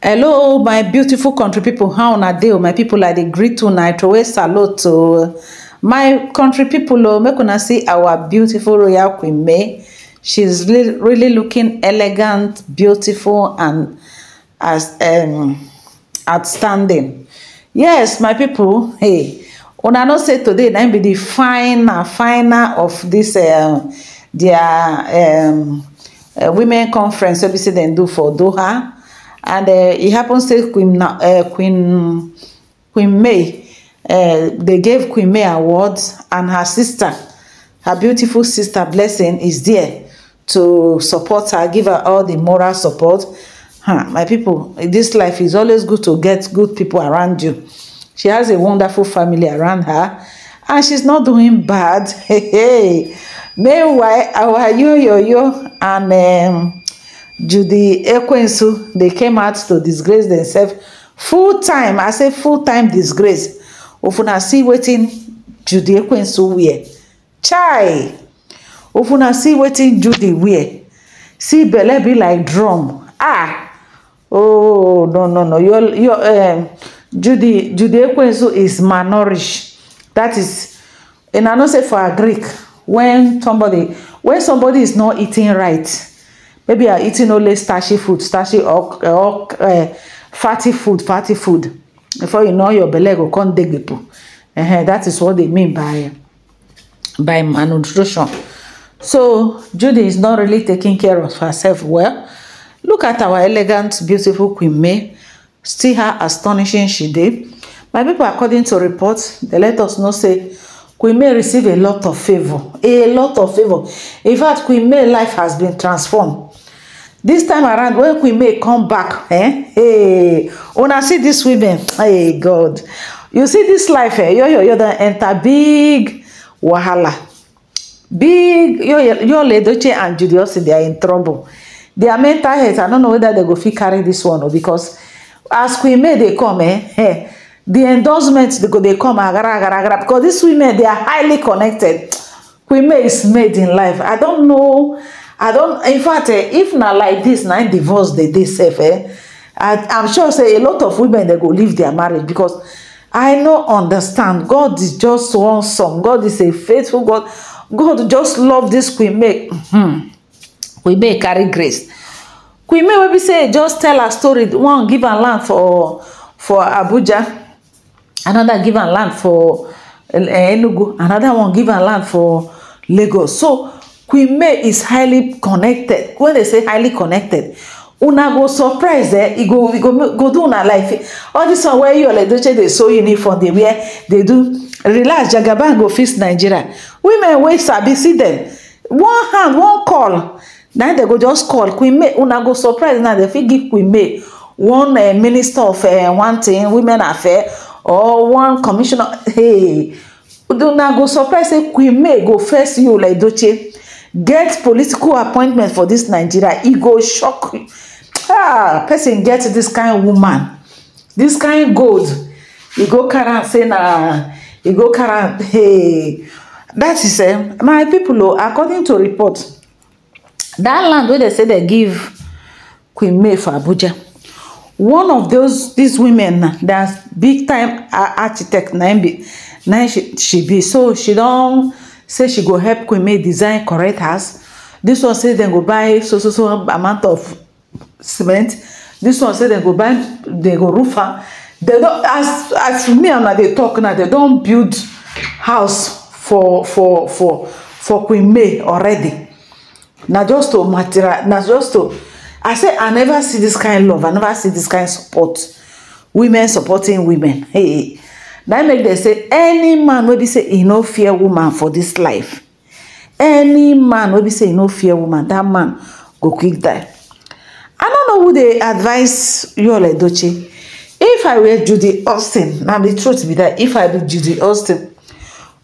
hello my beautiful country people. how una dey oh, my people? i dey greet una i throway salute to oh. my country people. o oh, make una see our beautiful royal queen may she's really looking elegant beautiful and as um, outstanding yes my people. hey una know say today na im be the final final of dis dia um, um, uh, women conference wey be say dem do for doha and uh, it happens to Queen uh, Queen Queen May. Uh, they gave Queen May awards, and her sister, her beautiful sister Blessing, is there to support her, give her all the moral support. Huh, my people, this life is always good to get good people around you. She has a wonderful family around her, and she's not doing bad. Hey, hey. Meanwhile, our yo yo yo and. Um, judy ekwensu they came out to disgrace themselves full time i say full time disgrace if una see wetin judy ekwensu wear chai if una see wetin judy wear see belle be like drum ah oh no no no your your um, judy judy ekwensu is malnourished that is and i know say for a greek when somebody when somebody is not eating right maybe you are eating only starchy food starchy or, or uh, fatty food fatty food before you know your belly will come dey uh -huh. that is what they mean by by malnutrition so Judy is not really taking care of herself well look at our elegant beautiful Queen May See how astonishing she dey my people according to reports they let us know say Queen May received a lot of favor, a lot of favor. in fact Queen May life has been transformed This time around when queen may come back eh hey una see dis women hey god you see this life eh yoyo don enter big wahala big yoyo Ledoche and judy austin they are in trouble their mental health i don't know whether they go fit carry this one o because as queen may dey come eh eh the endorsement go dey come agara agara agara because these women they are highly connected queen may is made in life i don't know i don't. in fact eh, if na like this na divorce they dey sef eh i i'm sure say a lot of women they go leave their marriage because i no understand god is just one son god is a faithful god god just love this queen make mm-hmm. we hmm may carry grace queen may maybe say just tell a story one give am land for for abuja another give am land for eh, enugu another one give am land for lagos so queen may is highly connected when they say highly connected una go surprise eh e go go go do una life all this one where wey Yul Edochie dey sew uniform dey wear they do relax jagaban go fix nigeria women wey sabi see them. one hand one call Now they go just call queen may una go surprise Now they fit give queen may one uh, minister of uh, one thing women affair or one commissioner hey do una go surprise say queen may go first Yul Edochie get political appointment for this nigeria e go shock you ah person get this kind woman this kind gold e go carry am say na e go carry am hey that is eh my people o oh, according to report that land wey dem say dem give queen may for abuja one of those these women na dat big time architect na im she be so she don say she go help queen may design correct house This one say dem go buy so so so amount of cement This one say dem go buy dem go roof am dem don as as me and una dey talk now dem don build house for for for for queen may already na just to material na just to i say i never see this kind love i never see this kind support women supporting women hey na make dem say any man will be say e no fear woman for this life any man will be say e no fear woman That man go quick die i don't know who they advise you like edochie if i were judy austin na the truth be that if i be judy austin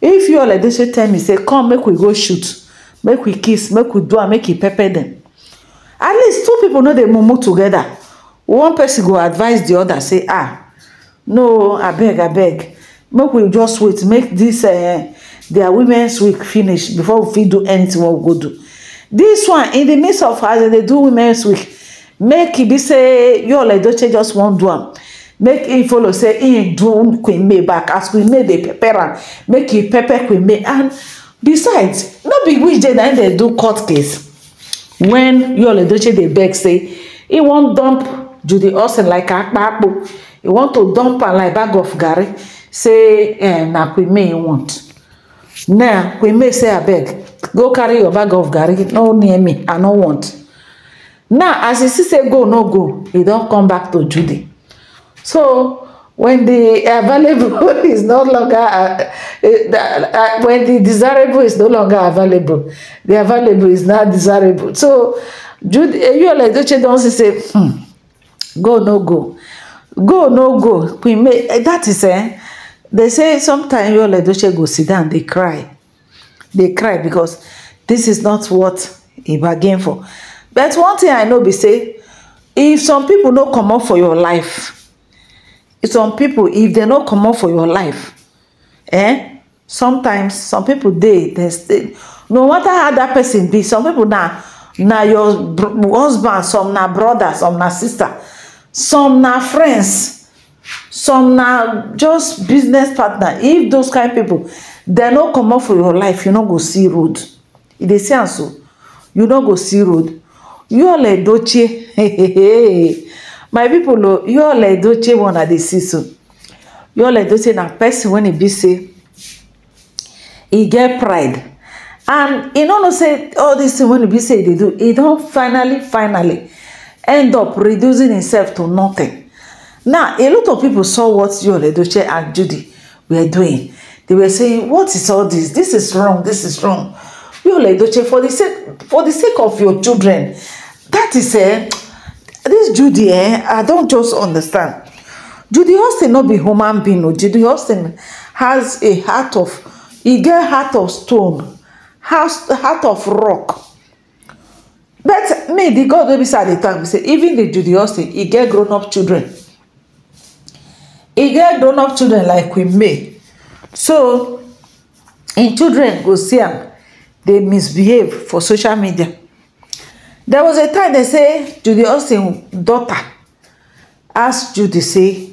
if you like edochie tell me say come make we go shoot make we kiss make we do and make e pepper them. at least two people know they mumu together one person go advise the other say ah no I beg, I beg make we just wait make this uh, eh, dia women's week finish before we fit do anything. wey we go do this one in the midst of as they do women's week make e be say yall edoche just wan do am make him follow say him do queen may back as queen may dey prepare am make e prepare queen may and besides no be which day na him do court case wen yall edoche dey beg say he wan dump judy austin like akpa akpo he want to dump am like bag of garri say eh, na kweme you want now kweme say abeg go carry your bag of garri no near me i no want now as he see say go no go he don come back to judy so when the available is no longer uh, uh, uh, when the desirable is no longer available the available is not desirable so judy eyiola eh, edoche don see say hmm, go no go go no go queen may eh, that is eh, they say sometimes Yul Edochie go sit down They cry they cry because this is not what he bargained for but one thing i know be say if some people don't come up for your life if some people if they don't come up for your life eh sometimes some people dey dem stay no matter how that person be some people now, now your husband some now brother some now sister some now friends some na just business partner if those kind people, dem no comot for your life you no go see road e dey see am so you no go see road yole edoche my people, pipo oh, yole edoche one i dey see so yole edoche na person wey e be say e get pride and e no know say all dis thing wey e be say e dey do e don finally finally end up reducing himself to nothing Now, a lot of people saw what your Edochie and Judy were doing. They were saying, what is all this? This is wrong, this is wrong. Your Edochie, for the sake, for the sake of your children, that is, eh, this Judy, eh, I don't just understand. Judy Austin not be human being. No. Judy Austin has a heart of, he get heart of stone, has, heart of rock. But me, the God will be side the time, say even the Judy Austin, he get grown up children e get grown up children like we may so im children go see am dey misbehave for social media there was a time dem say judy austin daughter ask judy say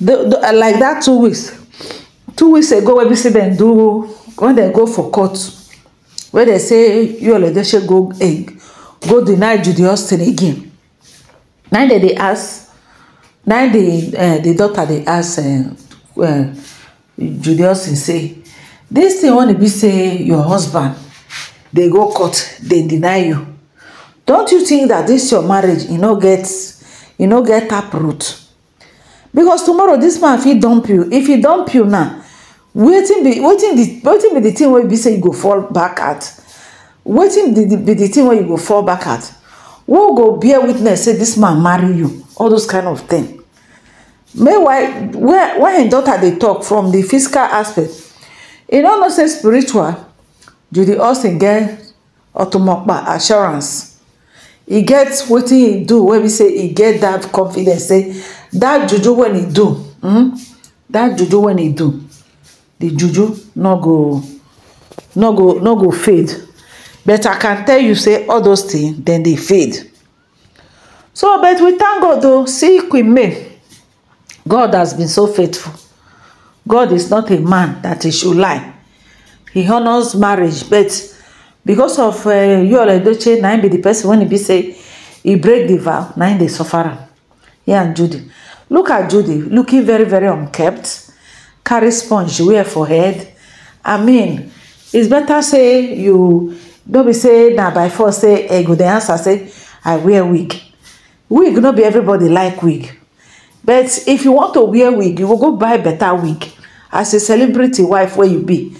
the uh, like that two weeks two weeks ago wey be say dem do when dem go for court wey dem say yul edoche go eh, go deny judy austin again na dem dey ask na the uh, the daughter they ask uh, uh, julius say this thing wan be say your husband they go court they deny you don't you think that dis your marriage you e no get you e no get uproot because tomorrow this man if he dump you if he dump you now wetin be wetin be the thing wey be say you go fall back at waiting be the thing where you go fall back at who go bear witness say this man marry you all those kind of thing meanwhile when him daughter dey talk from the physical aspect e no know say spiritual judy austin get otomokpa assurance He get wetin he do wey be say he get that confidence say that juju when he do hmm, That juju when he do the juju no go no go no go fade but i can tell you say all those things dem dey fade so but we thank god o see queen may God has been so faithful. God is not a man that he should lie. He honors marriage, but because of uh, eh, Yul Edochie, na him be the person when he be say he break the vow, now him dey suffer He and Judy. Look at Judy, looking very, very unkept, carry sponge wear forehead. I mean, it's better say you don't be say now by force say e go answer say I wear wig. Wig not be everybody like wig but if you want to wear wig you go go buy better wig as a celebrity wife wey you be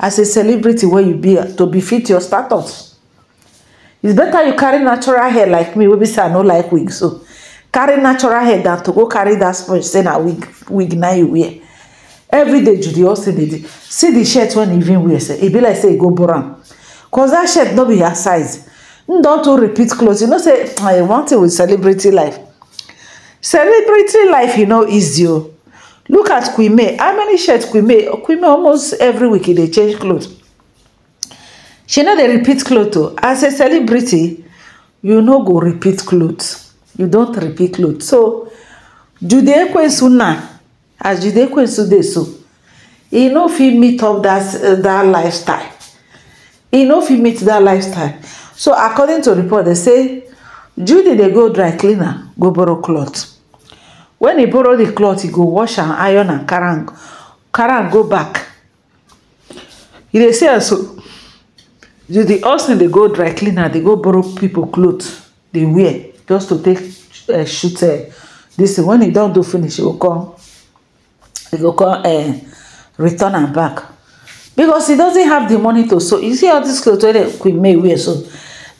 as a celebrity wey you be uh, to befit your status it's better you carry natural hair like me wey be say i no like wig so carry natural hair than to go carry that sponge say na wig wig na you wear everyday judy austin dey see the shirt wey even wear sef e be like say e go borrow am cause that shirt no be her size n don too repeat clothes. you know say one thing with celebrity life celebratory life you know, easy o look at queen may how many shirts queen may queen may almost every week e dey change cloth she no dey repeat cloth o oh. as a celebrity you no go repeat cloth you don't repeat cloth so jude ekwensu na as jude ekwensu dey so e no fit meet up that that lifestyle e no fit meet that lifestyle so according to report dem say judy dey go dry cleaner go borrow cloth When he borrow the cloth he go wash am iron am carry am carry am go back you dey see am so the the hustle dey go dry cleaner dey go borrow people cloth dey wear just to take uh, shoot uh, this thing when he don do finish he go come He go come uh, return am back because he doesn't have the money to sew you see all this cloth wey Queen May wear so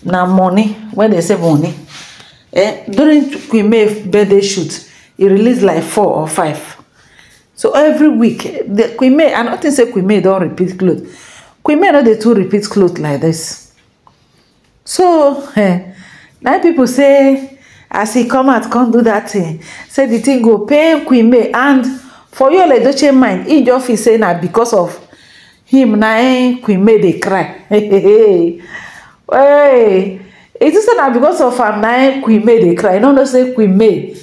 na money when they say money eh during Queen May birthday shoot e release like four or five so every week the queen may i no think say queen may don repeat clothes. queen may no dey too repeat cloth like this so eh, na people say as he come out come do that thing say the thing go pain queen may and for like don't change mind e just feel say na because of him na eh, queen may dey cry hey, it is say because of him na eh, queen may dey cry you no know say queen may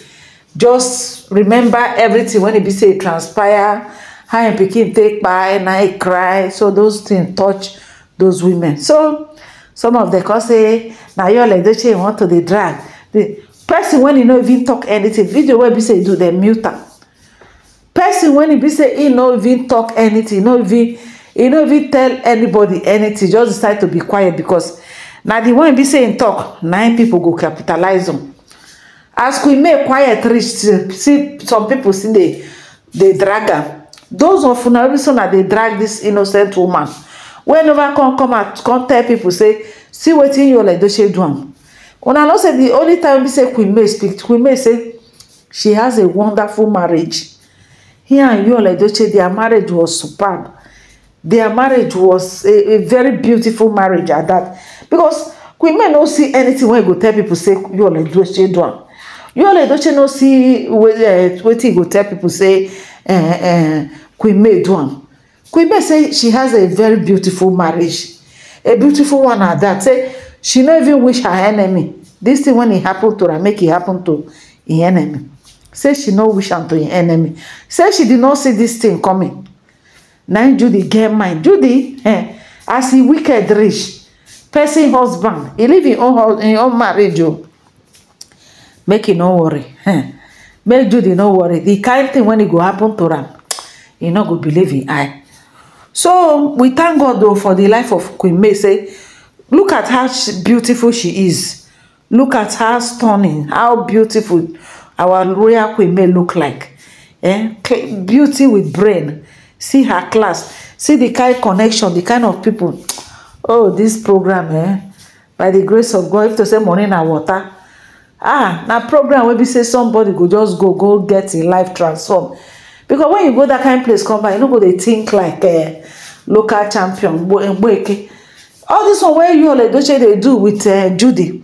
just remember everything when it e be say e transpire how im pikin take kpai na e cry so those things touch those women so some of dem come say na yall You want to dey drag the person when e no even talk anything video wey be say e do dem mute am person when e be say e no even talk anything e no even e no even tell anybody anything just decide to be quiet because na the one be say im talk na im people go capitalize on as queen may quiet reach see some people still dey drag am those of una na dey drag this innocent woman wey nova come come out come tell people say see wetin yoola edoche do am una know say the only time be say queen may speak queen may say she has a wonderful marriage he and yoola edoche Their marriage was superb Their marriage was a a very beautiful marriage at that because queen may no see anything wey go tell people say yoola edoche do am You all Yul Edochie no see wetin eh, he go tell pipo say eh, eh, queen may do am queen may say she has a very beautiful marriage a beautiful one at dat say she no even wish her enemy This thing when e happen to her make e happen to her enemy say she no wish am to her enemy say she did not see this thing coming na im judy get mind judy eh, as e wicked reach person husband e leave im own own marriage o oh make e no worry eh. make judy no worry The kind thing when e go happen to am e no go believe in eye so we thank god though for the life of queen may say look at how beautiful she is look at how stunning how beautiful our royal queen may look like eh beauty with brain see her class see the kind connection The kind of people. oh this program eh by the grace of god if to say money na water ah na program wey be say somebody go just go go get im life transform because when you go that kind place come back you no go dey think like uh, local champion mgbeke all this one wey yul edoche dey do with uh, judy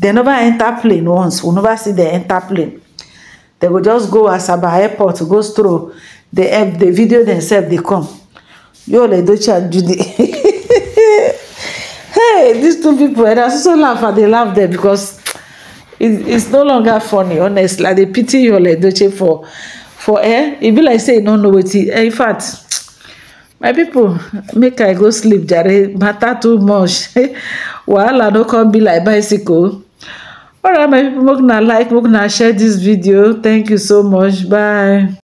dem never enter plane once we never see dem enter plane dem go just go asaba airport go stroll dey help dey video themselves dey come yul edoche and judy hey these two people and i so so laugh and dey laugh there because it it's no longer funny honestly Like they pity you, like doche for for eh e be like say no, no know eh, in fact my people make i go sleep jare matter too much I don't come be like bicycle All right, my people, make na like make na share this video thank you so much bye